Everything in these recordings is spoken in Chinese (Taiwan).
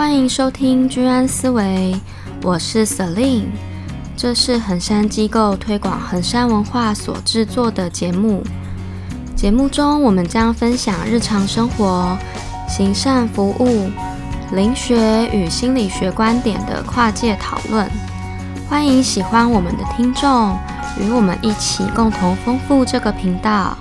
歡迎收聽《居安思維》，我是 Celine，這是恆山機構推廣恆山文化所制作的節目。節目中，我們將分享日常生活、行善服務、靈學與心理學觀點的跨界討論。歡迎喜歡我們的聽眾與我們一起共同豐富這個頻道。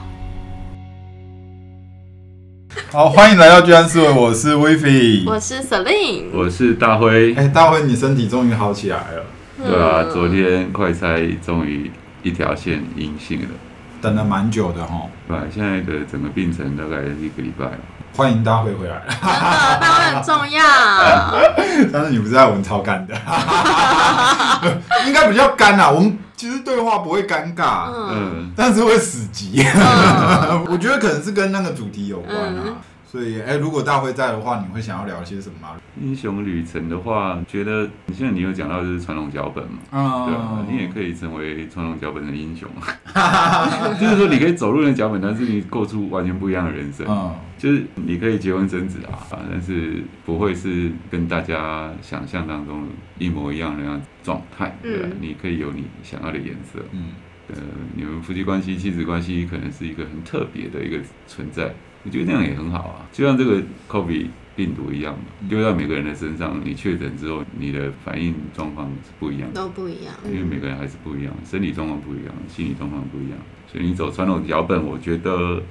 好，歡迎來到居然是我，我是威飛，我是 Selin，我是大輝。哎、欸，大輝，你身體終於好起來了？對啊，昨天快篩終於一條線陰性了，嗯、等了蠻久的哈，對，現在的整個病程大概是一個禮拜。歡迎大輝回來，真的、嗯，大輝很重要。 但是你不是在文超幹的， 應該比較干吶，我們。其實對話不會尷尬，嗯，但是會死機。嗯、 我覺得可能是跟那個主題有關啊。嗯所以誒，如果大輝在的話，你會想要聊些什麼？英雄旅程的話，覺得你現在你有講到就是傳統腳本嘛，oh. 對吧？你也可以成為傳統腳本的英雄， 就是說你可以走路人的腳本，但是你過出完全不一樣的人生。Oh. 就是你可以結婚生子啊，反正是不會是跟大家想象當中一模一樣的樣子狀態，對吧？嗯、你可以有你想要的顏色，嗯、呃，你們夫妻關係、親子關係可能是一個很特別的一個存在。我覺得那樣也很好啊，就像這個 COVID 病毒一樣嘛，丟到每個人的身上，你確診之後，你的反應狀況是不一樣的，都不一樣，因為每個人還是不一樣，身體狀況不一樣，心理狀況不一樣，所以你走傳統腳本，我覺得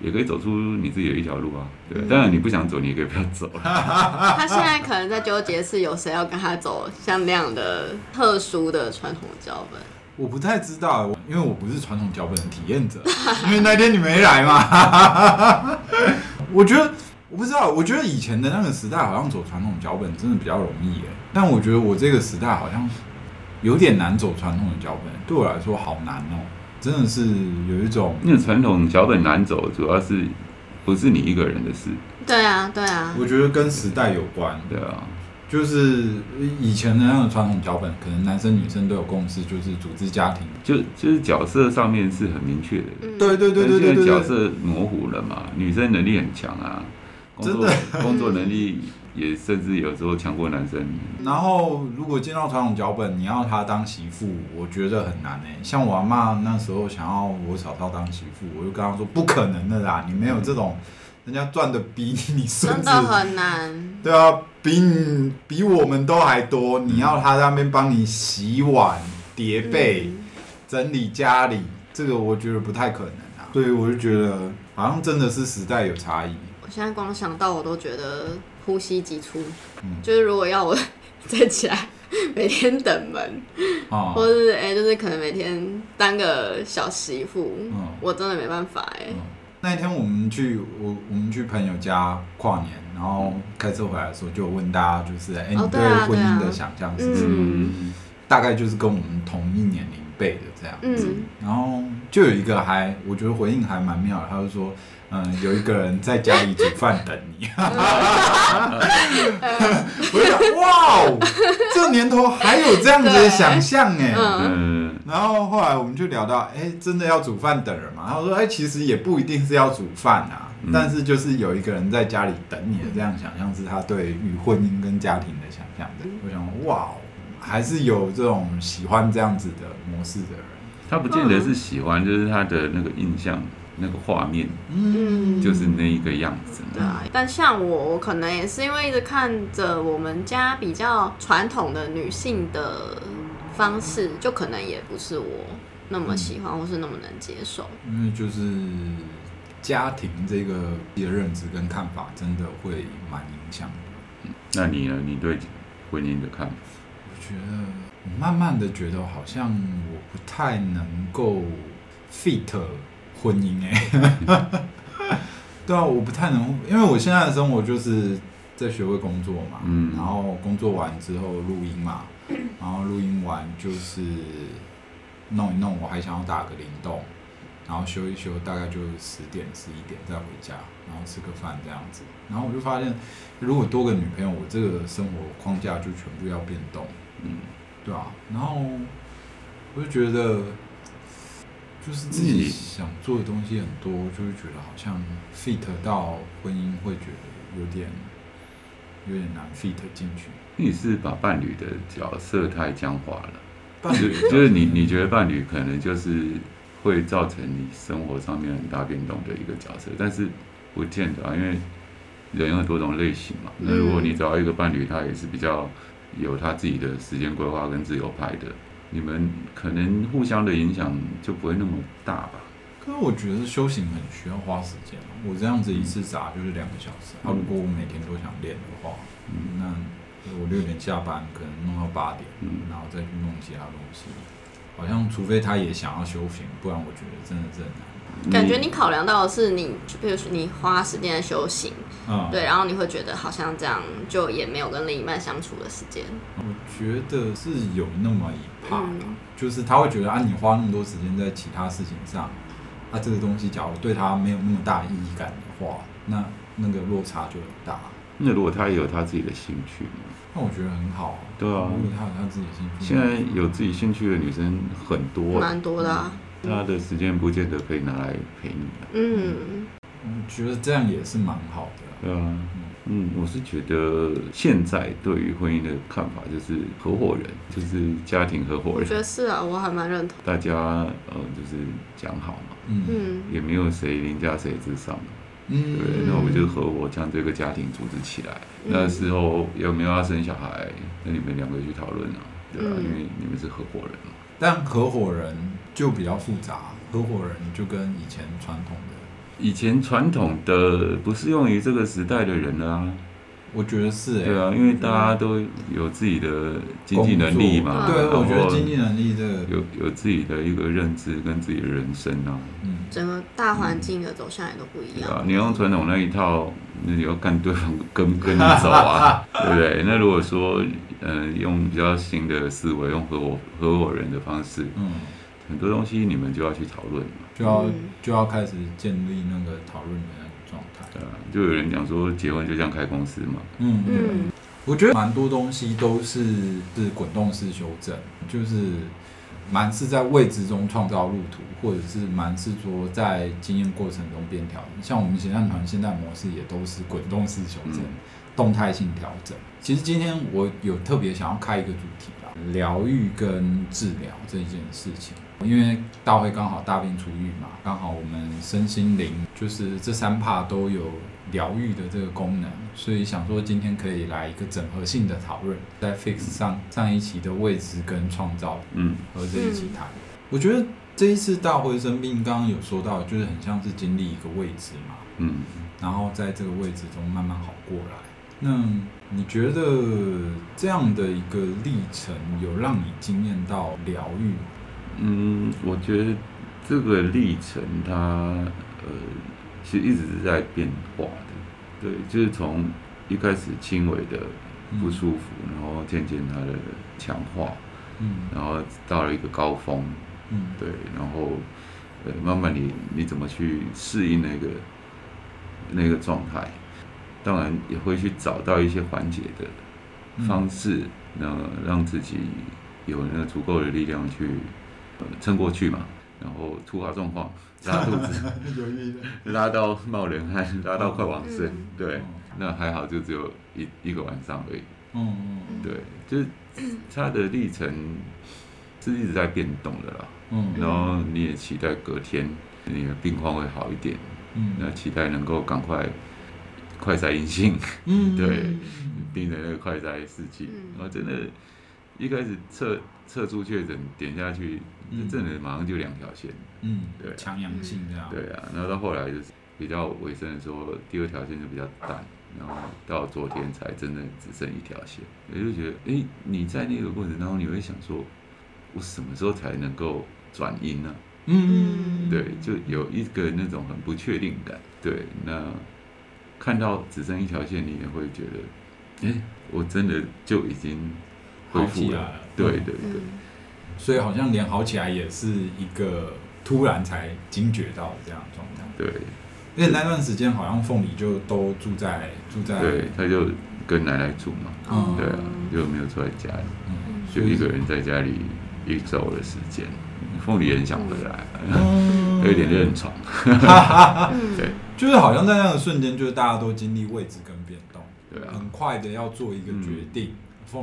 也可以走出你自己的一條路啊。對，當然你不想走，你也可以不要走啊。他現在可能在糾結，是有誰要跟他走像那樣的特殊的傳統腳本。我不太知道，因為我不是傳統腳本的體驗者，因為那天你沒來嘛。 我覺得我不知道，我覺得以前的那個時代好像走傳統腳本真的比較容易哎，但我覺得我這個時代好像有點難走傳統的腳本，對我來說好難哦，真的是有一種。因為傳統腳本難走，主要是不是你一個人的事。對啊，對啊。我覺得跟時代有關。對啊。對啊。就是以前的那樣的傳統腳本，可能男生女生都有共識，就是組織家庭，就就是角色上面是很明確的。對對對對對。現在角色模糊了嘛？嗯、女生能力很強啊，的工作工作能力也甚至有時候強過男生。然後如果見到傳統腳本，你要他當媳婦，我覺得很難呢、欸。像我阿媽那時候想要我嫂嫂當媳婦，我就跟她說不可能的啦，你沒有這種，嗯、人家賺的比你，你真的很難。對啊，比你比我們都還多。嗯、你要他在那邊幫你洗碗、疊被、嗯、整理家裡，這個我覺得不太可能啊。所以我就覺得，好像真的是時代有差異。我現在光想到我都覺得呼吸急促。嗯，就是如果要我在家每天等門，嗯、或是哎、欸，就是可能每天當個小媳婦，嗯、我真的沒辦法哎、欸嗯。那一天我們去，我我們去朋友家跨年。然後開車回來的時候，就問大家，就是哎，你對婚姻的想象是什麼？哦啊啊嗯，大概就是跟我們同一年齡輩的這樣子。嗯，然後就有一個還，我覺得回應還蠻妙的，他就說，嗯，有一個人在家裡煮飯等你。我就想，哇哦，這年頭還有這樣子的想象哎。嗯，然後後來我們就聊到，哎，真的要煮飯等人嗎？他說，哎，其實也不一定是要煮飯啊。但是就是有一個人在家裡等你，這樣想象是他對於婚姻跟家庭的想象的。我想說，哇，還是有這種喜歡這樣子的模式的人。他不見得是喜歡，嗯、就是他的那個印象、那個畫面，嗯，就是那一個樣子。對，但像我，我可能也是因為一直看着我們家比較傳統的女性的方式，就可能也不是我那麼喜歡、嗯、或是那麼能接受。因為就是。家庭這個自己的認知跟看法，真的會蠻影響的。嗯，那你呢？你對婚姻的看法？我覺得我慢慢的覺得好像我不太能夠 fit 婚姻欸。 對啊，我不太能，因為我現在的生活就是在學會工作嘛，然後工作完之後錄音嘛，然後錄音完就是弄一弄，我還想要打個靈動。然後休一休，大概就十點十一點再回家，然後吃個飯這樣子。然後我就發現，如果多個女朋友，我這個生活框架就全部要變動，嗯，對啊。然後我就覺得，就是自己想做的東西很多，你就會覺得好像 fit 到婚姻會覺得有點有點難 fit 進去。你是把伴侶的角色太僵化了，伴侶 就，就是你，你覺得伴侶可能就是。會造成你生活上面很大變動的一個角色，但是不見得啊，因為人有很多種類型嘛。那如果你找到一個伴侶，他也是比較有他自己的時間規劃跟自由派的，你們可能互相的影響就不會那麼大吧。可是我覺得修行很需要花時間，我這樣子一次坐就是兩個小時。那、嗯、如果我每天都想練的話，嗯、那我六點下班可能弄到八點，嗯、然後再去弄其他東西。好像除非他也想要修行，不然我覺得真的真的難。感覺你考量到的是你，比如說你花時間在修行，嗯、對，然後你會覺得好像這樣就也沒有跟另一半相處的時間。我覺得是有那麼一怕，嗯、就是他會覺得啊，你花那麼多時間在其他事情上，啊，這個東西假如對他沒有那麼大意義感的話，那那個落差就很大。那如果他也有他自己的興趣？那我覺得很好，對啊，因為她有她自己的興趣的。現在有自己興趣的女生很多、啊，蠻多的、啊。嗯、她的時間不見得可以拿來陪你、啊。嗯，嗯我覺得這樣也是蠻好的。對啊，嗯，嗯，我是覺得現在對於婚姻的看法就是合夥人，就是家庭合夥人。我覺得是啊，我還蠻認同。大家呃，就是講好嘛，嗯，也沒有誰凌駕誰之上嘛。嗯、對，那我們就合夥將這個家庭組織起來。嗯、那時候有沒有要生小孩？那你們兩個去討論啊，對吧？嗯、因為你們是合夥人嘛。但合夥人就比較複雜，合夥人就跟以前傳統的，以前傳統的不適用於這個時代的人啊。我覺得是哎、欸。對啊，因為大家都有自己的經濟能力嘛，對作，我覺得經濟能力這個有、嗯、有自己的一個認知跟自己的人生啊。嗯。整個大環境的走向也都不一樣。啊、你用傳統那一套，那你要看對方跟不跟你走啊， 對不對？那如果說嗯、呃，用比較新的思維，用合夥合夥人的方式，嗯，很多東西你們就要去討論嘛，就要就要開始建立那個討論呃，就有人講說，結婚就像開公司嘛。嗯嗯，嗯，我覺得蠻多東西都是是滾動式修正，就是蠻是在未知中創造路途，或者是蠻是說在經驗過程中變調整。像我們形象團現在模式也都是滾動式修正，嗯、動態性調整。其實今天我有特別想要開一個主題啦，療癒跟治療這一件事情。因為大會剛好大病初癒嘛，剛好我們身心靈就是這三帕都有療癒的這個功能，所以想說今天可以來一個整合性的討論，在 fix 上、嗯、上一期的位置跟創造，嗯，和這一期談。嗯、我覺得這一次大會生病，剛剛有說到，就是很像是經歷一個位置嘛，嗯，然後在這個位置中慢慢好過來。那你覺得這樣的一個歷程，有讓你驚豔到療癒？嗯，我覺得這個歷程它呃，其實一直是在變化的，對，就是從一開始輕微的不舒服，嗯、然後漸漸它的強化，嗯，然後到了一個高峰，嗯，對，然後、呃、慢慢你你怎麼去適應那個那個狀態，當然也會去找到一些緩解的方式，嗯、那讓自己有那個足夠的力量去撐過去嘛，然後突發狀況，拉肚子，拉到冒冷汗，拉到快往生，對，那還好，就只有一一個晚上而已。嗯，對，就是它的歷程是一直在變動的啦。嗯，然後你也期待隔天你的病況會好一點，嗯，那期待能夠趕快快篩陰性，嗯，對，盯着那快篩試劑，我真的一開始測。測出確診點下去，這人、嗯、馬上就兩條線。嗯，對、啊，強陽性這樣。對啊，然後到後來就是比較尾聲的時候，第二條線就比較淡，然後到昨天才真的只剩一條線。我就覺得，哎、欸，你在那個過程當中，你會想說，我什麼時候才能夠轉陰呢？嗯,嗯,嗯,嗯，對，就有一個那種很不確定感。對，那看到只剩一條線，你也會覺得，哎、欸，我真的就已經恢復了。對對對，所以好像連好起來也是一個突然才驚覺到的這樣狀態。對，而且那段時間好像鳳梨就都住在住在，對，他就跟奶奶住嘛，對啊，就沒有住在家裡，就一個人在家裡一周的時間，鳳梨也很想回來，有點認床，對，就是好像在那個瞬間，就是大家都經歷未知跟變動，對，很快的要做一個決定。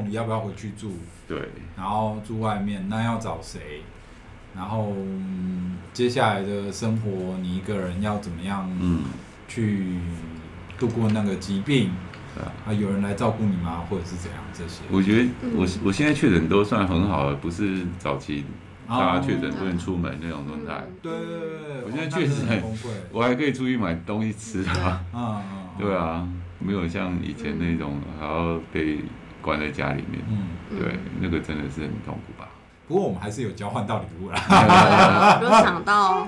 你要不要回去住？對，然後住外面，那要找誰？然後、嗯、接下來的生活，你一個人要怎麼樣？嗯，去度過那個疾病？啊、啊，有人來照顧你嗎？或者是怎樣？這些？我覺得、嗯、我我現在確診都算很好了，不是早期大家確診不能出門那種狀態。對、哦，嗯、我現在確實很貴，我還可以出去買東西吃啊。啊、嗯，嗯嗯、對啊，沒有像以前那種、嗯、還要被。關在家裡面，嗯、對，那個真的是很痛苦吧。嗯、不過我們還是有交換到禮物啦。有 想到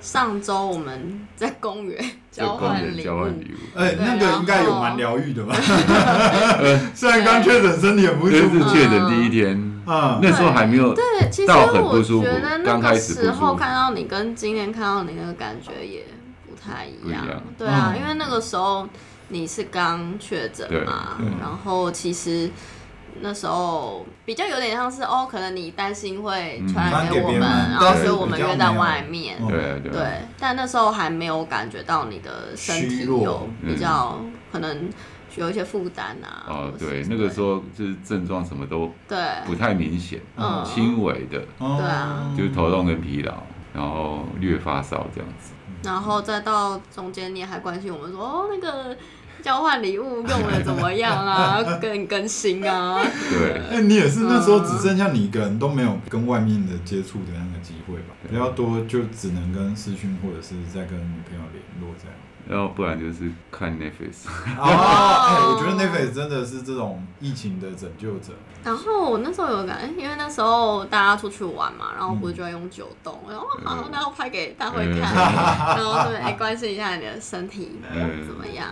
上周我們在公園交換禮物，哎、欸，那個應該有蠻療癒的吧？然對雖然剛確診，身體也不舒服。確診第一天啊，嗯、那時候還沒有到很不舒服，對，其實我覺得那個時候看到你跟今天看到你那個感覺也不太一樣。對啊，因為那個時候。你是剛確診嘛？然後其實那時候比較有點像是哦，可能你擔心會傳染給我們，然後所以我們約在外面。對對。但那時候還沒有感覺到你的身體有比較可能有一些負擔啊。哦，對，那個時候就是症狀什麼都對不太明顯，嗯。輕微的。對啊，就是頭痛跟疲勞，然後略發燒這樣子。然後再到中間，你還關心我們說，哦，那個交換禮物用的怎麼樣啊？ 更更新啊？對，那、 欸、你也是那時候只剩下你一個人，都沒有跟外面的接觸的那個機會吧？比較多就只能跟視訊或者是再跟女朋友聯絡這樣。然後不然就是看 Netflix，哦，哦、 欸，我覺得 Netflix 真的是這種疫情的拯救者。然後我那時候有感覺，因為那時候大家出去玩嘛，然後不是就要用九動，然後好，那我拍給大輝看，嗯、 然後說哎，關心一下你的身體怎麼樣？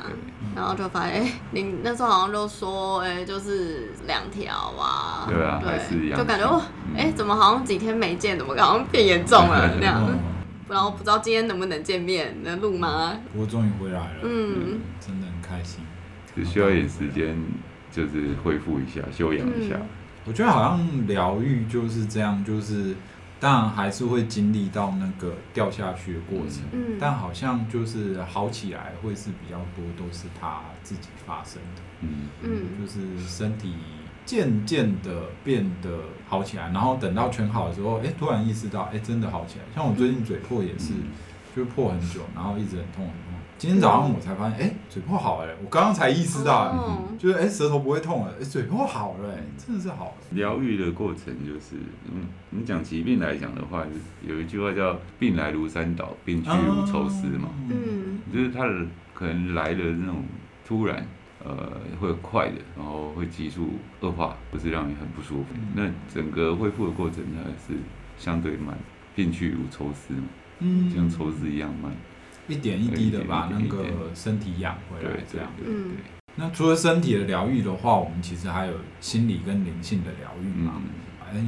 嗯、然後就發現，哎，你那時候好像就說，哎，就是兩條啊，對啊，對，就感覺哦，哎，怎麼好像幾天沒見，怎麼好像變嚴重了這樣。嗯然後不知道今天能不能見面，能錄嗎？嗯、不過終於回來了，嗯，嗯，真的很開心，只需要一點時間，就是恢復一下，嗯、休養一下。嗯、我覺得好像療癒就是這樣，就是當然還是會經歷到那個掉下去的過程，嗯嗯、但好像就是好起來會是比較多，都是他自己發生的，嗯嗯，嗯就是身體。漸漸的變得好起來，然後等到全好的時候，哎、欸，突然意識到，哎、欸，真的好起來。像我最近嘴破也是，嗯、就破很久，然後一直很痛很痛。今天早上我才發現，哎、欸，嘴破好、欸，了。我剛剛才意識到、欸，嗯、哼就是哎、欸，舌頭不會痛了，欸、嘴破好了、欸，真的是好。療癒的過程就是，嗯，你講疾病來講的話，有一句話叫“病來如山倒，病去如抽絲”嘛，嗯，就是它可能來的那種突然。呃，會快的，然後會急速惡化，不是讓你很不舒服。嗯、那整個恢復的過程呢，是相對慢，病去如抽絲，嗯，像抽絲一樣慢，嗯，一點一滴的把那個身體養回來，這樣。對，嗯，那除了身體的療癒的話，我們其實還有心理跟靈性的療癒。嗯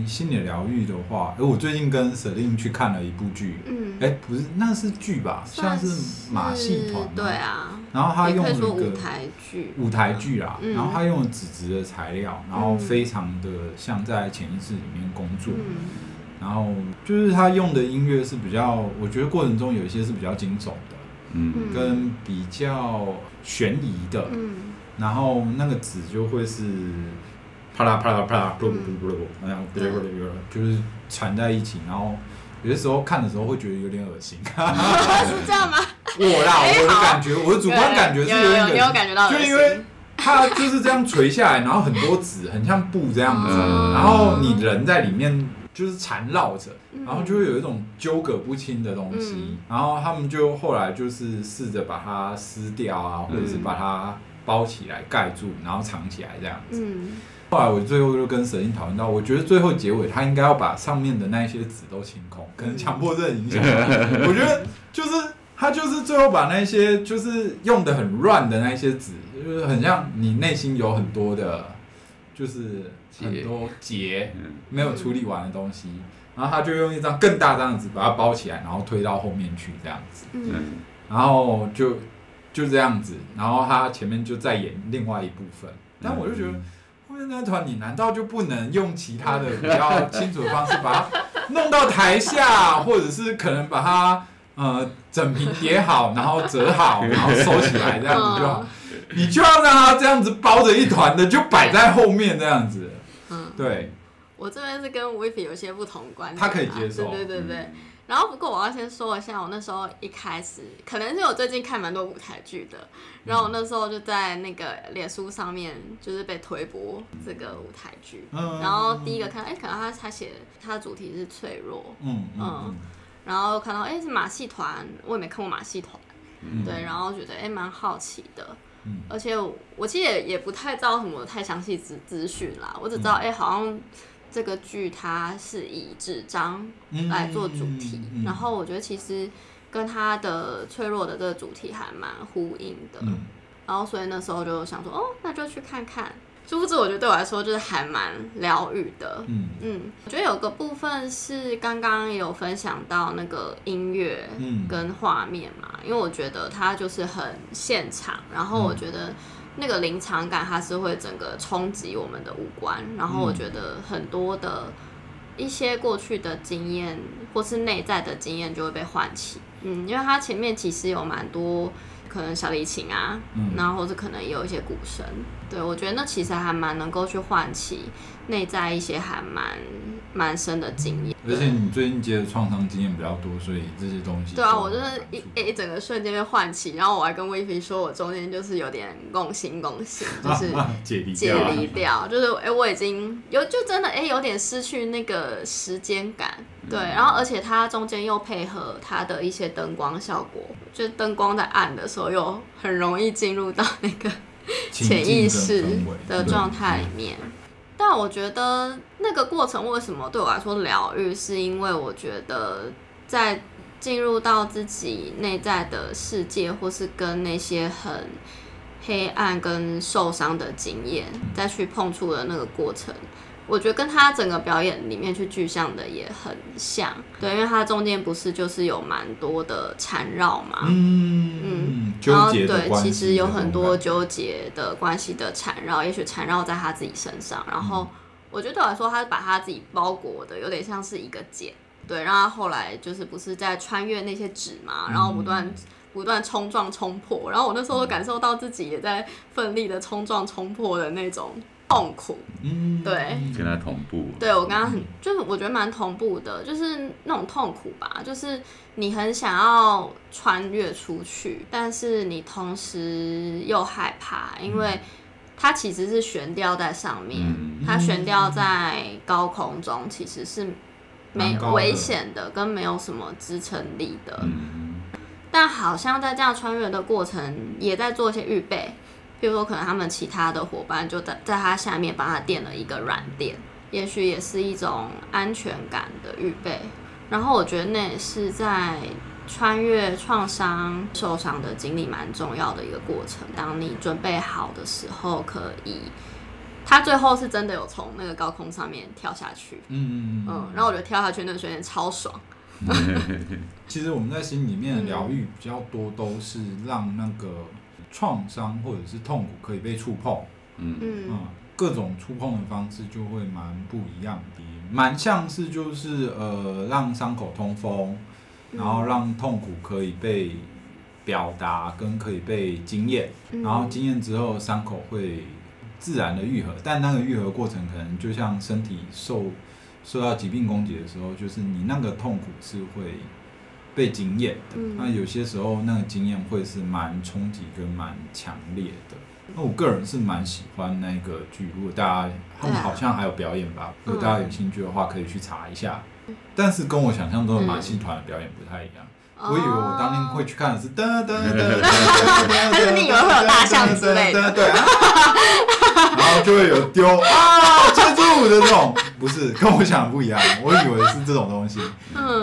心理療癒的話，誒我最近跟舍令去看了一部劇，哎、嗯，不是，那是劇吧，像是馬戲團，對啊，然後他用了一個舞台劇，舞台劇啊，嗯、然後他用了紙質的材料，然後非常的像在潛意識裡面工作，嗯、然後就是他用的音樂是比較，我覺得過程中有一些是比較驚悚的，嗯，嗯跟比較懸疑的，嗯、然後那個紙就會是。啪啦啪啦啪啦，不不不不不，這樣不不不不， 嗯、對 就是纏在一起，然後有的時候看的時候會覺得有點噁心。 是這樣嗎？我、 嗯、啦，我的感覺，欸啊、我的主觀感覺是有點有，有，有，有感覺到，就因為它就是這樣垂下來，然後很多紙，很像布這樣子， 然後你人在裡面就是纏繞着，然後就會有一種糾葛不清的東西，嗯、然後他們就後來就是試着把它撕掉啊，或者是把它包起來蓋住，然後藏起來這樣子。嗯後來我最後就跟神鷹討論到，我覺得最後結尾他應該要把上面的那一些紙都清空，可能強迫症影響。 我覺得就是他就是最後把那些就是用得很亂的那些紙，就是很像你內心有很多的，就是很多結沒有處理完的東西，然後他就用一張更大張的紙把它包起來，然後推到後面去這樣子。然後就就這樣子，然後他前面就再演另外一部分，但我就覺得。那團你難道就不能用其他的比較清楚的方式把它弄到台下， 或者是可能把它呃整瓶疊好，然後折好，然後收起來這樣子就好？嗯、你就要讓它這樣子包着一團的，就擺在後面這樣子。嗯、對我這邊是跟 Vivi 有些不同觀點，他可以接受。對，對對對對。嗯然後不過我要先說一下，我那時候一開始可能是我最近看蠻多舞台劇的，然後我那時候就在那個臉書上面就是被推播這個舞台劇，嗯、然後第一個看到哎，可能他他寫他的主題是脆弱，嗯，嗯，嗯然後看到哎是馬戲團，我也沒看過馬戲團，嗯、對，然後覺得哎蠻好奇的，而且我，我其實也也不太知道什麼太詳細資資訊啦，我只知道哎好像。這個劇它是以紙張來做主題，嗯嗯嗯嗯、然後我覺得其實跟它的脆弱的這個主題還蠻呼應的，嗯、然後所以那時候就想說，哦，那就去看看。珠子，我覺得對我來說就是還蠻療癒的，嗯嗯。我覺得有個部分是剛剛也有分享到那個音樂跟畫面嘛，嗯、因為我覺得它就是很現場，然後我覺得、嗯。那個臨場感，它是會整個衝擊我們的五官，然後我覺得很多的一些過去的經驗或是內在的經驗就會被喚起，嗯，因為它前面其實有蠻多可能小提琴啊，嗯，然後或者可能也有一些鼓聲，對，我覺得那其實還蠻能夠去喚起內在一些還蠻。蠻深的經驗，嗯、而且你最近接的創傷經驗比較多，所以這些東西對啊，我就是一、欸、一整個瞬間被喚起，然後我還跟 Vivi 說，我中間就是有點共情，共情就是解離掉，就是誒、啊啊就是欸、我已經有就真的誒、欸、有點失去那個時間感，嗯、對，然後而且它中間又配合它的一些燈光效果，就燈光在暗的時候，又很容易進入到那個潛 意識的狀態裡面，嗯、但我覺得。那個過程為什麼對我來說療癒？是因為我覺得在進入到自己內在的世界，或是跟那些很黑暗跟受傷的經驗再去碰觸的那個過程，我覺得跟他整個表演裡面去具象的也很像。對，因為他中間不是就是有蠻多的纏繞嘛，嗯嗯，嗯，然後對，其實有很多糾結的關係的纏繞，也許纏繞在他自己身上，然後。嗯我覺得對我來說，他把他自己包裹的，有點像是一個繭，對，然後他後來就是不是在穿越那些紙嘛，然後不斷、嗯、不斷衝撞、衝破，然後我那時候感受到自己也在奮力的衝撞、衝破的那種痛苦，嗯，對，跟他同步，對，我跟他很就是我覺得蠻同步的，就是那種痛苦吧，就是你很想要穿越出去，但是你同時又害怕，因為、嗯。它其實是懸吊在上面，它懸吊在高空中，其實是沒危險的，跟沒有什麼支撐力的。但好像在這樣穿越的過程，也在做一些預備，譬如說可能他們其他的夥伴就在在它下面幫他墊了一個軟墊，也許也是一種安全感的預備。然後我覺得那也是在。穿越創傷受傷的經歷蠻重要的一個過程。當你準備好的時候，可以，他最後是真的有從那個高空上面跳下去。嗯嗯嗯。然後我覺得跳下去那個時間超爽。 其實我們在心裡面的療癒比較多，都是讓那個創傷或者是痛苦可以被觸碰。嗯嗯，嗯。各種觸碰的方式就會蠻不一樣的，蠻像是就是呃，讓傷口通風。然後讓痛苦可以被表達跟可以被經驗，嗯、然後經驗之後傷口會自然的癒合，但那個癒合過程可能就像身體受受到疾病攻擊的時候，就是你那個痛苦是會被經驗的。那、嗯、有些時候那個經驗會是蠻衝擊跟蠻強烈的。那我個人是蠻喜歡那個劇，如果大家好像還有表演吧，哎、如果大家有興趣的話，嗯、可以去查一下。但是跟我想象中的馬戲團的表演不太一樣，嗯、我以為我當天會去看的是噔噔噔，但是你以為會有大象之類，對對對，然後就會有丟啊珍珠舞的這種，不是跟我想的不一樣，我以為是這種東西，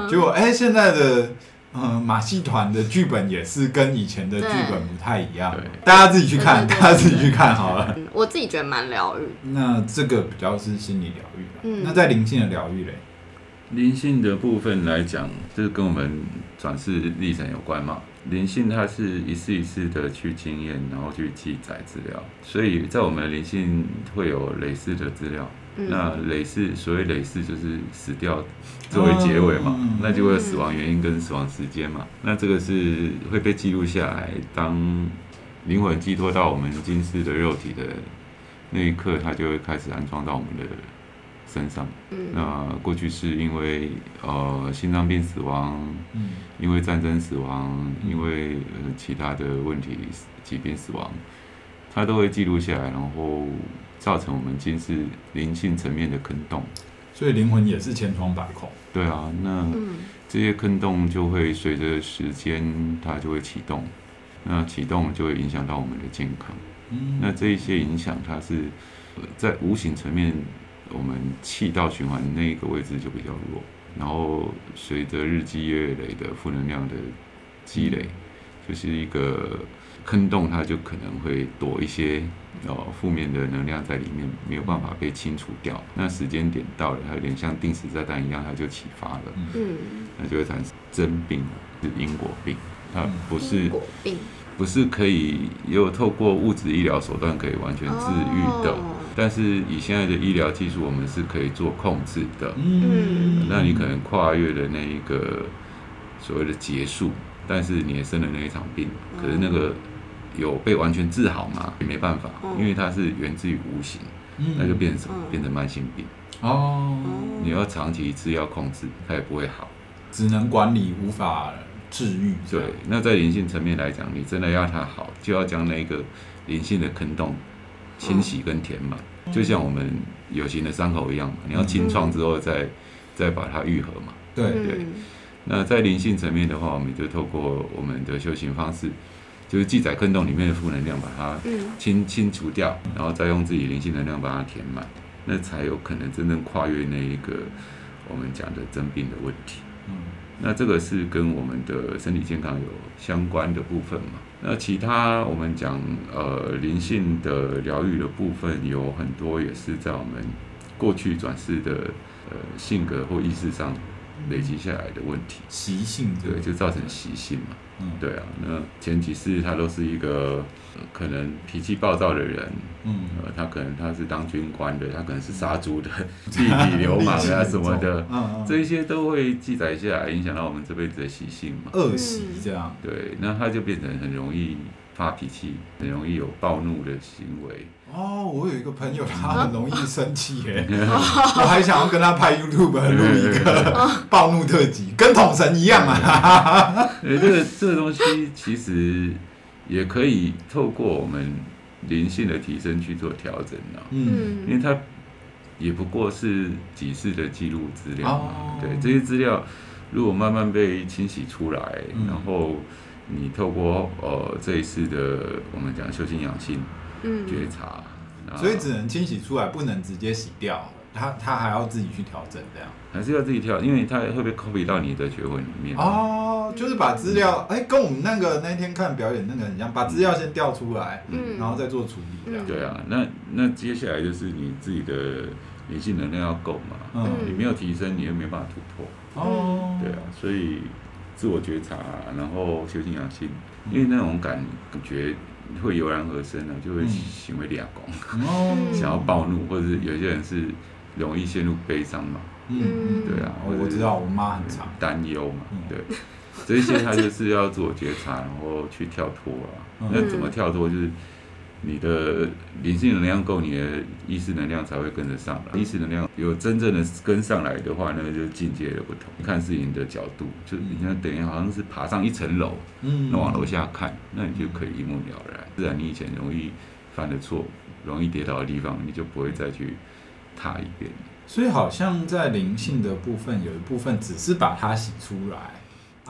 結果哎、欸、現在的、嗯、馬戲團的劇本也是跟以前的劇本不太一樣，對 大家自己去看，啊、大，海大家自己去看好了。我自己覺得蠻療癒，那這個比較是心理療癒，嗯，那在靈性的療癒嘞。靈性的部分來講，就是跟我們轉世歷程有關嘛。靈性它是一次一次的去經驗，然後去記載資料，所以在我們的靈性會有累世的資料。嗯、那累世，所謂累世就是死掉作為結尾嘛，哦、那就會有死亡原因跟死亡時間嘛。嗯、那這個是會被記錄下來，當靈魂寄託到我們今世的肉體的那一刻，它就會開始安裝到我們的。身上，那過去是因為呃心臟病死亡，嗯、因為戰爭死亡，因為呃其他的問題疾病死亡，它都會記錄下來，然後造成我們今世靈性層面的坑洞，所以靈魂也是千瘡百孔。對啊，那這些坑洞就會隨着時間它就會啟動，那啟動就會影響到我們的健康。嗯，那這一些影響它是，在無形層面。我們氣道循環的那個位置就比較弱，然後隨着日積月累的負能量的積累，就是一個坑洞，它就可能會躲一些哦負面的能量在裡面，沒有辦法被清除掉。那時間點到了，它有點像定時炸彈一樣，它就啟發了，嗯，那就會產生真病，是因果病，它不是病。不是可以也有透過物質醫療手段可以完全治癒的，oh. 但是以現在的醫療技術，我們是可以做控制的。嗯，那你可能跨越了那一個所謂的結束，但是你也生了那一場病，oh. 可是那個有被完全治好嘛？也沒辦法，oh. 因為它是源自於無形，oh. 那就變成變成慢性病哦。Oh. 你要長期吃藥控制，它也不會好，只能管理，無法。治癒對，那在靈性層面來講，你真的要它好，就要將那個靈性的坑洞清洗跟填滿，嗯嗯、就像我們有形的傷口一樣嘛，你要清創之後再、嗯、再把它癒合嘛。嗯、對對，那在靈性層面的話，我們就透過我們的修行方式，就是記載坑洞裡面的負能量，把它清、嗯、清除掉，然後再用自己靈性能量把它填滿，那才有可能真正跨越那一個我們講的真病的問題。嗯。那這個是跟我們的身體健康有相關的部分嘛。那其他我們講呃靈性的療癒的部分有很多，也是在我們過去轉世的呃性格或意識上累積下來的問題。習性對，就造成習性嘛。嗯，對啊，那前幾世它都是一個。可能脾氣暴躁的人，嗯、呃，他可能他是當軍官的，他可能是殺豬的，嗯、地痞流氓 啊什麼的，嗯，嗯這一些都會記載下來，影響到我們這輩子的習性嘛，惡習這樣。對，那他就變成很容易發脾氣，很容易有暴怒的行為。哦，我有一個朋友，他很容易生氣耶， 我還想要跟他拍 YouTube 錄一個暴怒特輯， 跟統神一樣啊。哎、 欸，這個這個東西其實。也可以透過我們靈性的提升去做調整啊，嗯，因為它也不過是幾次的記錄資料嘛，哦，對，這些資料如果慢慢被清洗出來，嗯，然後你透過呃這一次的我們講修心養性，嗯，覺察，嗯、後所以只能清洗出來，不能直接洗掉，它它還要自己去調整這樣。還是要自己跳，因為他會不會 copy 到你的學慧裡面？哦，就是把資料，哎，跟我們那個那天看表演那個一樣，把資料先調出來，嗯，然後再做處理。對啊，那那接下來就是你自己的靈性能量要夠嘛，你沒有提升，你又沒辦法突破。哦，對啊，所以自我覺察，然後修心養性，因為那種感覺會油然而生的，就會行為力壓功，哦，想要暴怒，或者是有些人是容易陷入悲傷嘛。嗯，嗯，對啊，我知道我媽很擔憂嘛，嗯、對，這些他就是要自我覺察，嗯、然後去跳脫啊。嗯、那怎麼跳脫？就是你的靈性能量夠，你的意識能量才會跟得上來。意識能量有真正的跟上來的話呢，那就是境界的不同，看事情的角度，就你像等於好像是爬上一層樓，嗯，那往樓下看，那你就可以一目了然。自然你以前容易犯的錯，容易跌倒的地方，你就不會再去踏一遍。所以好像在靈性的部分，有一部分只是把它洗出來，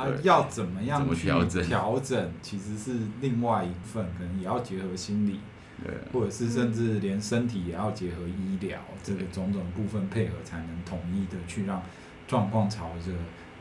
對啊，要怎麼樣去調整？調整其實是另外一份，可能也要結合心理，對或者是甚至連身體也要結合醫療，對這個種種部分配合，才能統一的去讓狀況朝着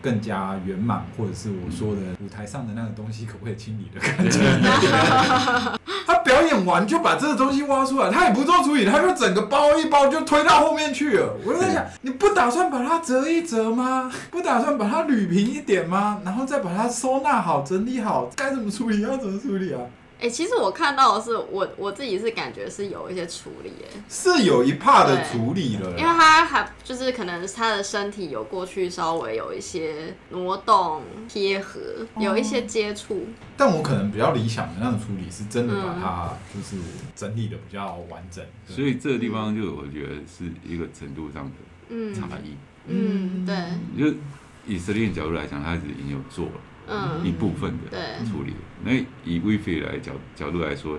更加圓滿，或者是我說的舞台上的那個東西可不可以清理的感覺？對 表演完就把這個東西挖出來，他也不做處理，他就整個包一包就推到後面去了。我就在想， 你不打算把它折一折嗎？不打算把它捋平一點嗎？然後再把它收納好、整理好，該怎麼處理要怎麼處理啊？哎、欸，其實我看到的是，我我自己是感覺是有一些處理耶，哎，是有一 part 的處理的，因為他還就是可能他的身體有過去稍微有一些挪動、貼合，嗯、有一些接觸。但我可能比較理想的那種處理，是真的把它就是整理得比較完整。嗯、對所以這個地方就我覺得是一個程度上的差異、嗯。嗯，對，就以色列的角度來講，他是已經有做了。嗯、一部分的處理，對那以 w e f i l l 來角角度來說，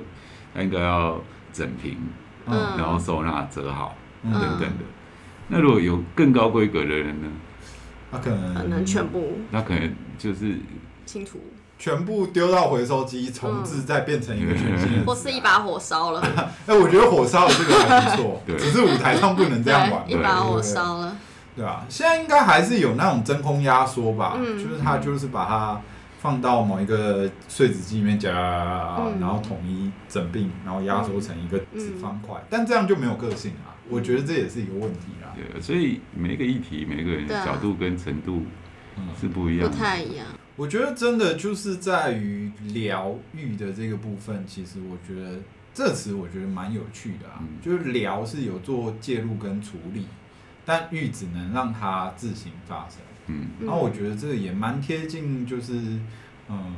他應該要整平，嗯、然後收納折好、嗯、等等的。那如果有更高規格的人呢？他、啊、可能可能全部，他、啊、可能就是清除楚，全部丟到回收機重置，嗯、再變成一個全新的，不是一把火燒了。哎， 我覺得火燒這個還不錯， 對只是舞台上不能這樣玩，一把火燒了。對對對。對啊，現在應該還是有那種真空壓縮吧，嗯、就是它就是把它放到某一個碎紙機裡面夾，呃嗯、然後統一整併，然後壓縮成一個紙方塊，嗯嗯、但這樣就沒有個性啊，我覺得這也是一個問題啦、啊。對，所以每一個議題，每個人的角度跟程度是不一樣的、啊嗯，不太一樣。我覺得真的就是在於療癒的這個部分，其實我覺得這詞我覺得蠻有趣的啊，嗯、就是療是有做介入跟處理。嗯但愈只能讓它自行發生，嗯，然後我覺得這個也蠻貼近，就是，嗯，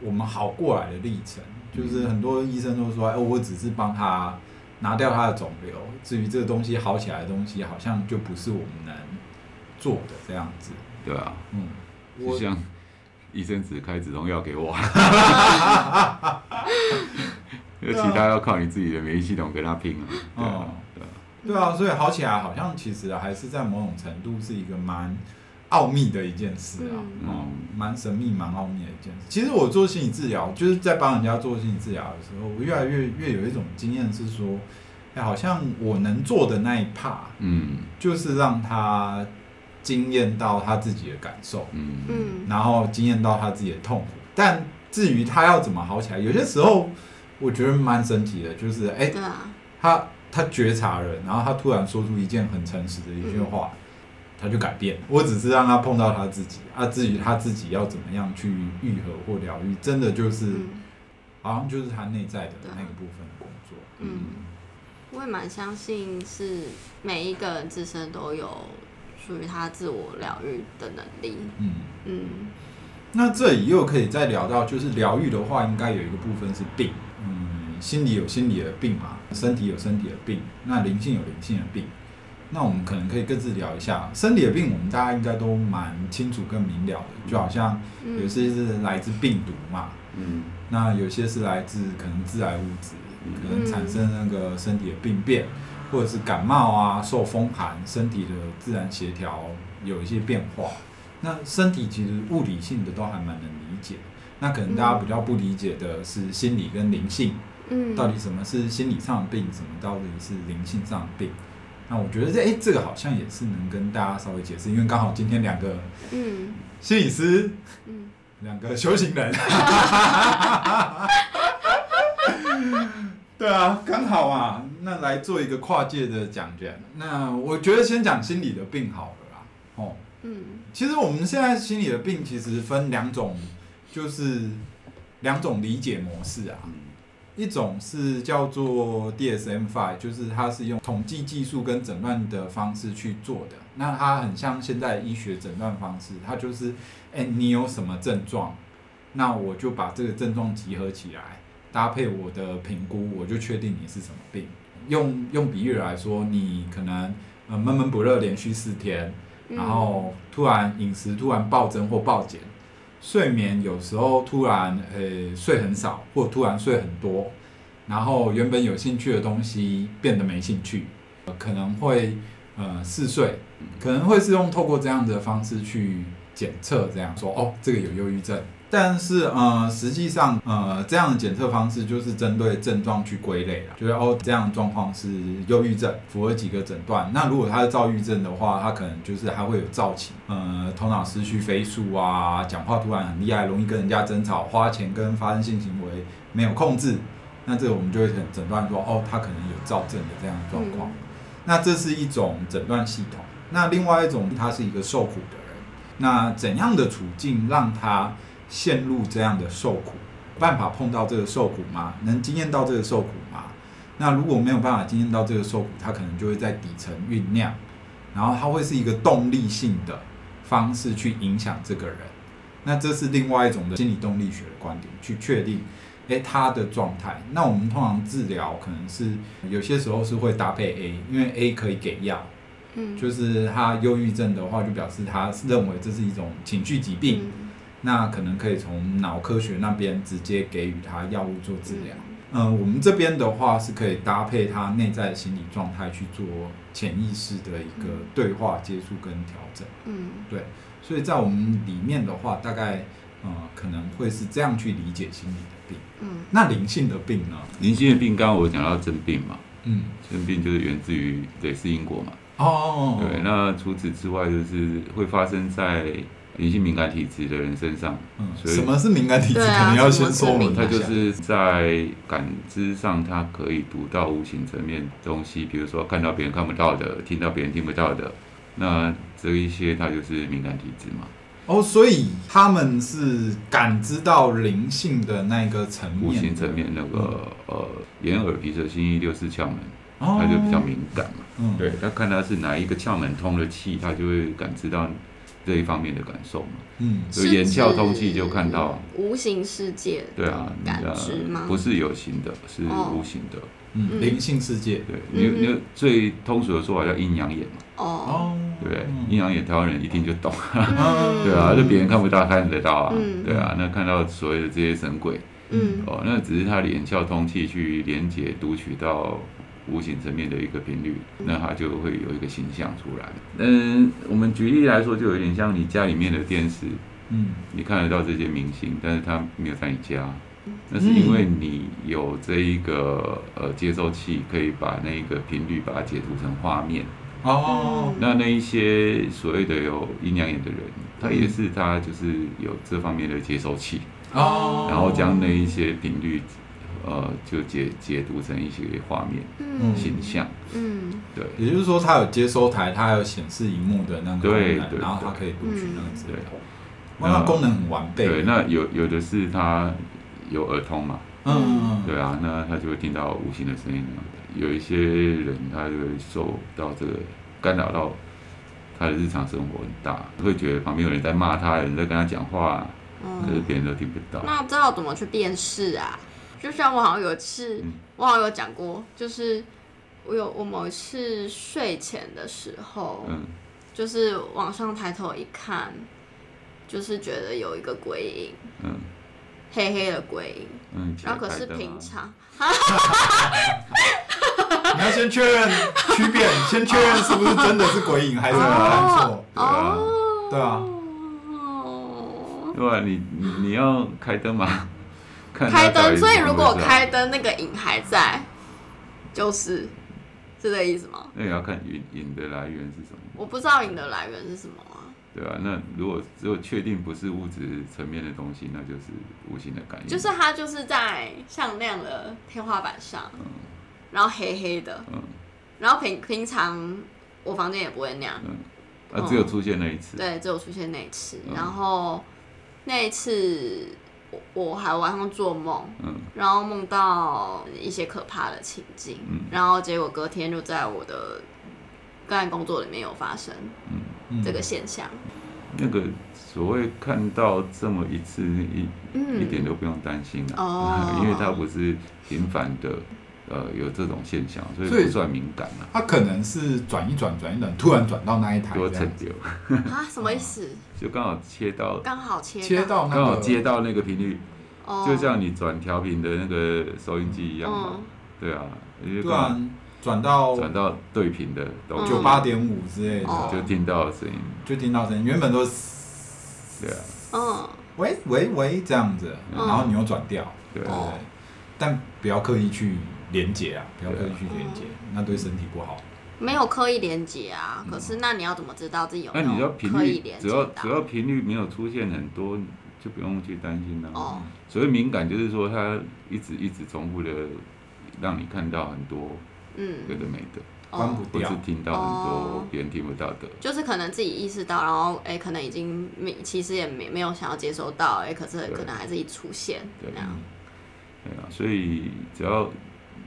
我們好過來的歷程，就是很多醫生都說，哎、呃，我只是幫他拿掉他的腫瘤，至於這個東西好起來的東西，好像就不是我們能做的這樣子，對啊，嗯，就像醫生只開止痛藥給我，哈哈哈哈哈，而其他要靠你自己的免疫系統跟他拼啊，對啊。嗯對啊，所以好起來好像其實還是在某種程度是一個蠻奧秘的一件事啊，哦，蠻神秘、蠻奧秘的一件事。其實我做心理治療，就是在幫人家做心理治療的時候，我越來越越有一種經驗是說，哎，好像我能做的那一 part，嗯，就是讓他經驗到他自己的感受，嗯嗯，然後經驗到他自己的痛苦。但至於他要怎麼好起來，有些時候我覺得蠻神奇的，就是哎，啊、他。他覺察人，然後他突然說出一件很誠實的一句話，嗯、他就改變。我只是讓他碰到他自己，他自己他自己要怎麼樣去癒合或療癒，真的就是，嗯、好像就是他內在的那個部分的工作。嗯，嗯我也蠻相信是每一個人自身都有屬於他自我療癒的能力。嗯嗯，嗯那這裡又可以再聊到，就是療癒的話，應該有一個部分是病，嗯，心理有心理的病嘛。身體有身體的病，那靈性有靈性的病，那我們可能可以各自聊一下。身體的病，我們大家應該都蠻清楚跟明了的，就好像有些是來自病毒嘛，嗯，那有些是來自可能致癌物質，嗯，可能產生那個身體的病變，或者是感冒啊，受風寒，身體的自然協調有一些變化。那身體其實物理性的都還蠻能理解，那可能大家比較不理解的是心理跟靈性。嗯、到底什麼是心理上的病？什麼到底是靈性上的病？那我覺得，哎、欸，這個好像也是能跟大家稍微解釋，因為剛好今天兩個嗯，心理師嗯、兩個修行人，嗯、 對啊，剛好啊，那來做一個跨界的講解。那我覺得先講心理的病好了啦，哦，嗯、其實我們現在心理的病其實分兩種，就是兩種理解模式啊。嗯一種是叫做 DSM-5，就是它是用統計技術跟診斷的方式去做的。那它很像現在醫學診斷方式，它就是，哎，你有什麼症狀？那我就把這個症狀集合起來，搭配我的評估，我就確定你是什麼病。用用比喻來說，你可能悶悶不樂連續四天，嗯、然後突然飲食突然暴增或暴減。睡眠有時候突然，呃，睡很少，或突然睡很多，然後原本有興趣的東西變得沒興趣，呃，可能會呃嗜睡，嗯，可能會是用透過這樣子的方式去。檢測這樣說哦，這個有憂鬱症，但是呃，實際上呃，這樣的檢測方式就是針對症狀去歸類的。就是哦，這樣的狀況是憂鬱症，符合幾個診斷。那如果他是躁鬱症的話，他可能就是還會有躁情，呃，頭腦思緒飛速啊，講話突然很厲害，容易跟人家爭吵，花錢跟發生性行為沒有控制，那這個我們就會診診斷說哦，他可能有躁症的這樣的狀況。嗯、那這是一種診斷系統，那另外一種它是一個受苦那怎樣的處境讓他陷入這樣的受苦？辦法碰到這個受苦嗎？能經驗到這個受苦嗎？那如果沒有辦法經驗到這個受苦，他可能就會在底層醞釀，然後他會是一個動力性的方式去影響這個人。那這是另外一種的心理動力學的觀點去確定，誒他的狀態。那我們通常治療可能是有些時候是會搭配 A，因為 A 可以給藥。嗯、就是他憂鬱症的話，就表示他認為這是一種情緒疾病，嗯、那可能可以從腦科學那邊直接給予他藥物做治療。嗯、呃，我們這邊的話是可以搭配他內在的心理狀態去做潛意識的一個對話、嗯、接觸跟調整。嗯，對，所以在我們裡面的話，大概、呃、可能會是這樣去理解心理的病。嗯，那靈性的病呢？靈性的病，剛剛我講到症病嘛，嗯，症病就是源自於，對，是因果嘛。哦，oh, 對，那除此之外，就是會發生在靈性敏感體質的人身上。嗯，所以什麼是敏感體質？啊、可能要先說明它，就是在感知上，它可以讀到無形層面東西，比如說看到別人看不到的，聽到別人聽不到的。那這一些，它就是敏感體質嘛？哦，所以他們是感知到靈性的那個層面，無形層面那個、嗯、呃，眼耳鼻舌心意六識、竅門。他就比較敏感嘛，對，他看他是哪一個竅門通了氣，他就會感知到這一方面的感受嘛。嗯，所以眼竅通氣就看到無形世界，對啊，不是有形的，是無形的，嗯，靈性世界，對，你最通俗的說法叫陰陽眼嘛，哦，對陰陽眼台灣人一聽就懂，對啊，就別人看不到，看得到啊，對啊，那看到所謂的這些神鬼，嗯，哦，那只是他眼竅通氣去連接讀取到無形層面的一個頻率，那它就會有一個形象出來。嗯，我們舉例來說，就有點像你家裡面的電視，嗯，你看得到這些明星，但是它沒有在你家，那是因為你有這一個呃接收器，可以把那個頻率把它解讀成畫面。哦，那那一些所謂的有陰陽眼的人，他也是他就是有這方面的接收器。哦，然後將那一些頻率。呃，就解解讀成一些畫面、嗯、形象。嗯，對，也就是說，它有接收台，它還有顯示熒幕的那個功能，對，對，然後它可以讀取那個字。對，那、嗯、功能很完備。對，那有有的是它有耳通嘛？嗯，對啊，那他就會聽到無形的聲音。有一些人，他就會受到這個干擾到他的日常生活很大，會覺得旁邊有人在罵他，有人在跟他講話、啊，嗯、可是別人都聽不到。那知道怎麼去辨識啊？就像我好像有一次，我好像有講過，就是我有某一次睡前的時候，就是往上抬頭一看，就是覺得有一個鬼影，嗯，黑黑的鬼影，嗯，然後可是平常，你要先確認區別，先確認是不是真的是鬼影，還是看錯，對啊，對啊，你你要開燈嗎？開燈，所以如果開燈，那個影還在，就是，是這個意思嗎？那也要看影影的來源是什麼？我不知道影的來源是什麼啊。對啊，那如果只有確定不是物質層面的東西，那就是無形的感覺就是它就是在像那樣的天花板上，嗯，然後黑黑的，嗯，然後平平常我房間也不會那樣。嗯、啊、只有出現那一次、嗯。對，只有出現那一次。嗯、然後那一次。我我還晚上做夢，嗯、然後夢到一些可怕的情境，嗯、然後結果隔天就在我的個案工作裡面有發生，這個現象，嗯嗯。那個所謂看到這麼一次一，嗯、一點都不用擔心了，嗯嗯哦，因為它不是頻繁的。呃，有這種現象，所以不算敏感了。它可能是轉一轉，轉一轉，突然轉到那一台。多啊。什麼意思？就剛好切到剛好切切到剛好接到那個頻率，就像你轉調頻的那個收音機一樣嘛。對啊，因為剛轉到轉到對頻的九八點五之類，就聽到聲音，就聽到聲音。原本都是對啊，嗯，喂喂喂這樣子，然後你又轉掉，對，但不要刻意去。連接啊，不要刻意去連接，那對身體不好。沒有刻意連接啊，可是那你要怎麼知道自己有？那你要頻率，只要只要頻率沒有出現很多，就不用去擔心了。哦。所謂敏感，就是說他一直一直重複的讓你看到很多，嗯，有的沒的，不是聽到很多，別人聽不到的。就是可能自己意識到，然後哎，可能已經沒，其實也沒沒有想要接收到，哎，可是可能還是一出現那樣。對啊，所以只要。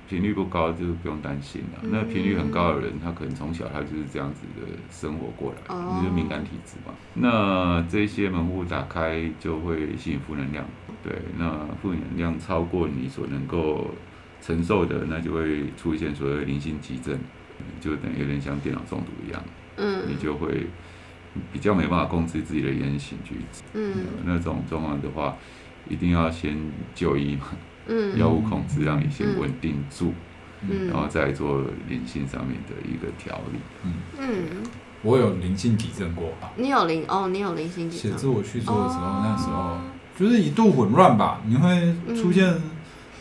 頻率不高就不用擔心了。那頻率很高的人，嗯、他可能從小他就是這樣子的生活過來，哦、就是敏感體質嘛。那這些門戶打開就會吸引負能量，對。那負能量超過你所能夠承受的，那就會出現所謂的靈性急症，就等於有點像電腦中毒一樣。嗯。你就會比較沒辦法控制自己的言行舉止。嗯。那這種狀況的話，一定要先就醫嘛。藥物控制讓你先穩定住，嗯，嗯然後再做靈性上面的一個調理，嗯。嗯嗯，我有靈性急症過吧？你有靈哦？你有靈性急症？寫自我敘述的時候，哦、那時候就是一度混亂吧？你會出現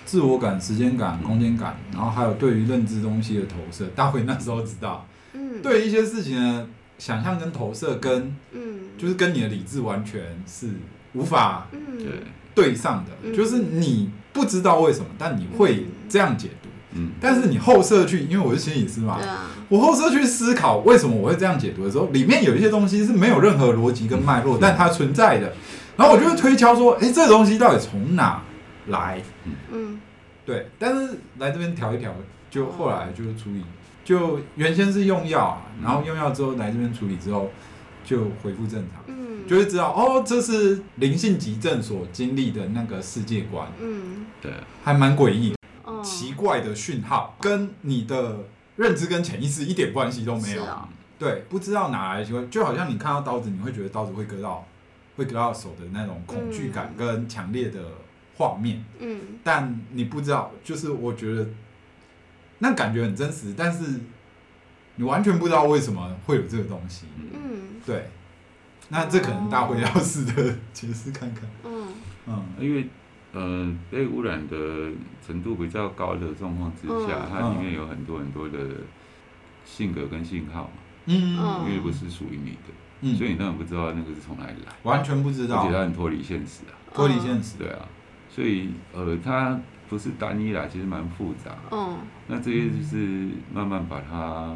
自我感、時間感、空間感，嗯、然後還有對於認知東西的投射。大輝那時候知道，嗯，對一些事情的想象跟投射跟嗯，就是跟你的理智完全是無法、嗯、對。對上的就是你不知道為什麼，嗯、但你會這樣解讀。嗯，但是你後設去，因為我是心理師嘛，啊、我後設去思考為什麼我會這樣解讀的時候，裡面有一些東西是沒有任何邏輯跟脈絡，嗯、但它存在的。的然後我就會推敲說，嗯、誒，這東西到底從哪來？嗯，對。但是來這邊調一調，就後來就是處理，就原先是用藥，然後用藥之後來這邊處理之後。就恢復正常，嗯、就會知道哦，這是靈性疾症所經歷的那個世界觀。嗯，對，還蠻詭異，奇怪的訊號，跟你的認知跟潛意識一點關係都沒有。啊、對，不知道哪來的機會，就好像你看到刀子，你會覺得刀子會割到，會割到手的那種恐懼感跟強烈的畫面。嗯，但你不知道，就是我覺得那感覺很真實，但是。你完全不知道為什麼會有這個東西，嗯，對，那這可能大輝要試着解釋看看，嗯嗯，因為呃被污染的程度比較高的狀況之下，嗯、它裡面有很多很多的性格跟信號嘛，嗯因為不是屬於你的，嗯、所以你當然不知道那個是從哪裡來，完全不知道，而且它很脫離現實啊，脫離現實，對啊，所以呃它不是單一啦，其實蠻複雜啦，嗯，那這些就是慢慢把它。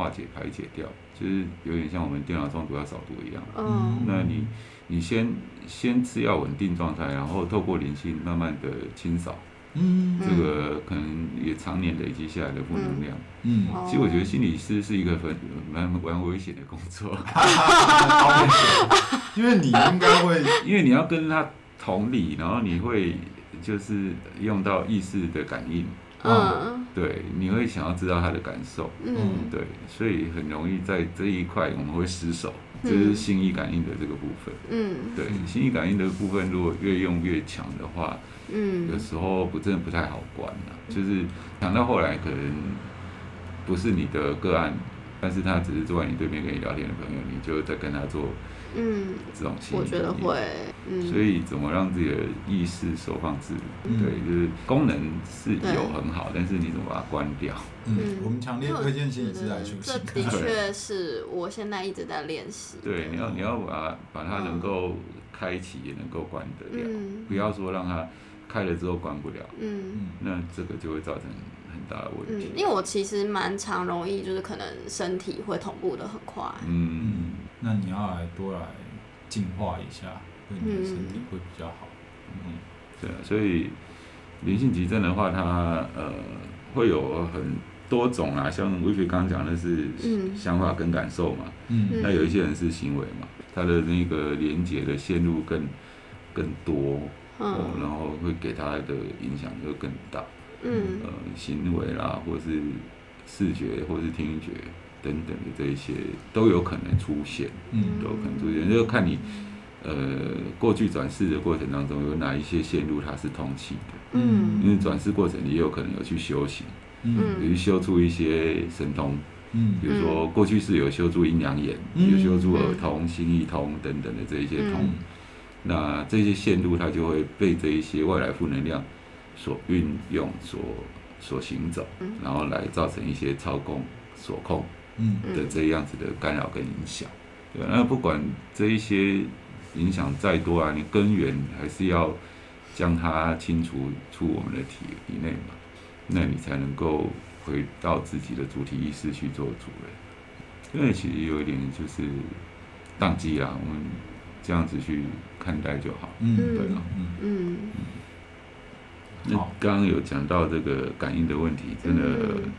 化解排解掉，就是有點像我們電腦中毒要掃毒一樣。嗯，那你你先先吃藥穩定狀態，然後透過靈性慢慢的清掃。嗯，這個可能也常年累積下來的負能量嗯。嗯，嗯其實我覺得心理師是一個很蠻蠻危險的工作。哈哈哈！因為你應該會，因為你要跟他同理，然後你會就是用到意識的感應。嗯嗯。對，你會想要知道他的感受，嗯，對，所以很容易在這一塊我們會失手，嗯、就是心意感應的這個部分，嗯，對，心意感應的部分如果越用越強的話，嗯，有時候不真的不太好關，啊，就是講到後來可能不是你的個案，但是他只是坐在你對面跟你聊天的朋友，你就在跟他做。嗯，這種心理我覺得會，嗯，所以怎麼讓這個意識收放自如？嗯、對，就是功能是有很好，對但是你怎麼把它關掉？嗯，我們強烈推薦你自來休息。嗯、這的確是我現在一直在練習。對,了對，你要你要把它把它能夠開啟，也能夠關得了。嗯、不要說讓它開了之後關不了。嗯，那這個就會造成很大的問題。嗯、因為我其實蠻常容易，就是可能身體會同步的很快。嗯。那你要來多來淨化一下，對你的身體會比較好。嗯，嗯對啊，所以靈性急症的話，它呃會有很多種啊，像威飛剛剛講的是想法、嗯、跟感受嘛。嗯，那有一些人是行為嘛，他的那個連接的線路更更多，嗯、哦，然後會給他的影響就更大。嗯，呃，行為啦，或是視覺，或是聽覺。等等的這一些都有可能出現，嗯，都有可能出現，就是看你，呃，過去轉世的過程當中有哪一些線路它是通氣的，嗯，因為轉世過程你也有可能有去修行，嗯，有去修出一些神通，嗯，比如說、嗯、過去是有修出陰陽眼，嗯、有修出耳通、嗯、心意通等等的這一些通，嗯、那這些線路它就會被這一些外來負能量所運用、所所行走，然後來造成一些操控、所控。的這樣子的干擾跟影響，嗯、對，那不管這一些影響再多啊，你根源還是要將它清除出我們的體內嘛，那你才能夠回到自己的主體意識去做主人。因為其實有一點就是當機啊，我們這樣子去看待就好。嗯，對啊。嗯。那剛剛有講到這個感應的問題，真的。嗯嗯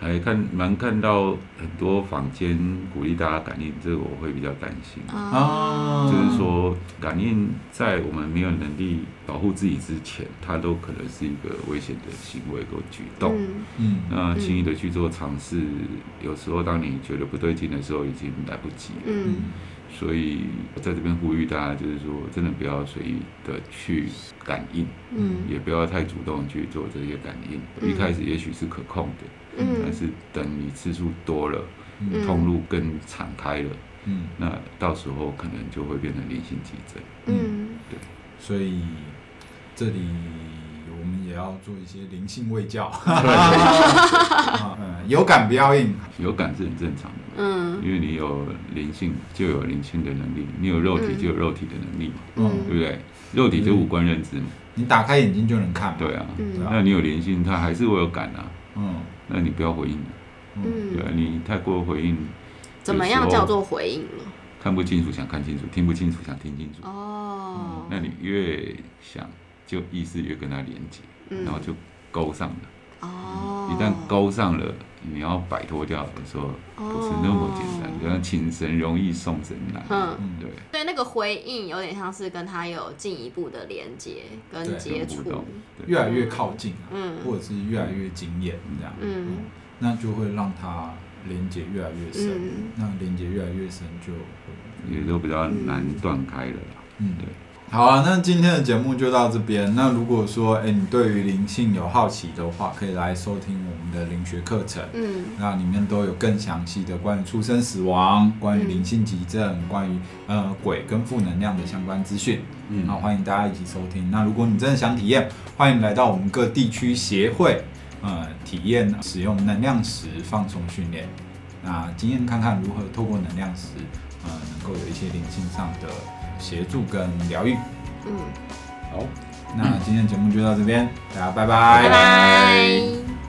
還看蠻看到很多坊間鼓勵大家感應，這個我會比較擔心。啊，就是說感應在我們沒有能力保護自己之前，它都可能是一個危險的行為和舉動。嗯，嗯，那輕易的去做嘗試，嗯嗯、有時候當你覺得不對勁的時候，已經來不及了。嗯，所以我在這邊呼籲大家，就是說真的不要隨意的去感應，嗯，也不要太主動去做這些感應。嗯、一開始也許是可控的。但是等你次數多了，嗯、通路更敞開了，嗯，那到時候可能就會變成靈性體質，嗯，對，所以這裡我們也要做一些靈性衛教、呃，有感不要硬，有感是很正常的，嗯，因為你有靈性就有靈性的能力，你有肉體就有肉體的能力嘛，嗯，對不對？肉體就五官認知嘛、嗯，你打開眼睛就能看，對啊，嗯、那你有靈性，它還是會有感啊，嗯。那你不要回應了，嗯，對你太過回應，怎麼樣叫做回應呢？看不清楚想看清楚，聽不清楚想聽清楚，哦、嗯，那你越想就意識越跟它連接，嗯、然後就勾上了，哦。嗯一旦勾上了，oh. 你要擺脫掉的時候，不是那麼簡單。Oh. 就像請神容易送神難，嗯，對，對。那個回應有點像是跟他有進一步的連接跟接觸，越來越靠近、啊，嗯，或者是越來越驚豔這樣，嗯，那就會讓他連接越來越深，嗯、那連接越來越深就、嗯、也就比較難斷開了，嗯，嗯，嗯，對。好啊，那今天的節目就到這邊。那如果說，誒、欸，你對於靈性有好奇的話，可以來收聽我們的靈學課程。嗯，那裡面都有更詳細的關於出生死亡、關於靈性疾症、嗯、關於呃鬼跟負能量的相關資訊。嗯，好，歡迎大家一起收聽。那如果你真的想體驗，歡迎來到我們各地區協會，呃，體驗使用能量石放鬆訓練。那經驗看看如何透過能量石，呃，能夠有一些靈性上的。協助跟療癒，嗯，好，那今天的節目就到這邊，嗯、大家拜拜，拜拜。拜拜。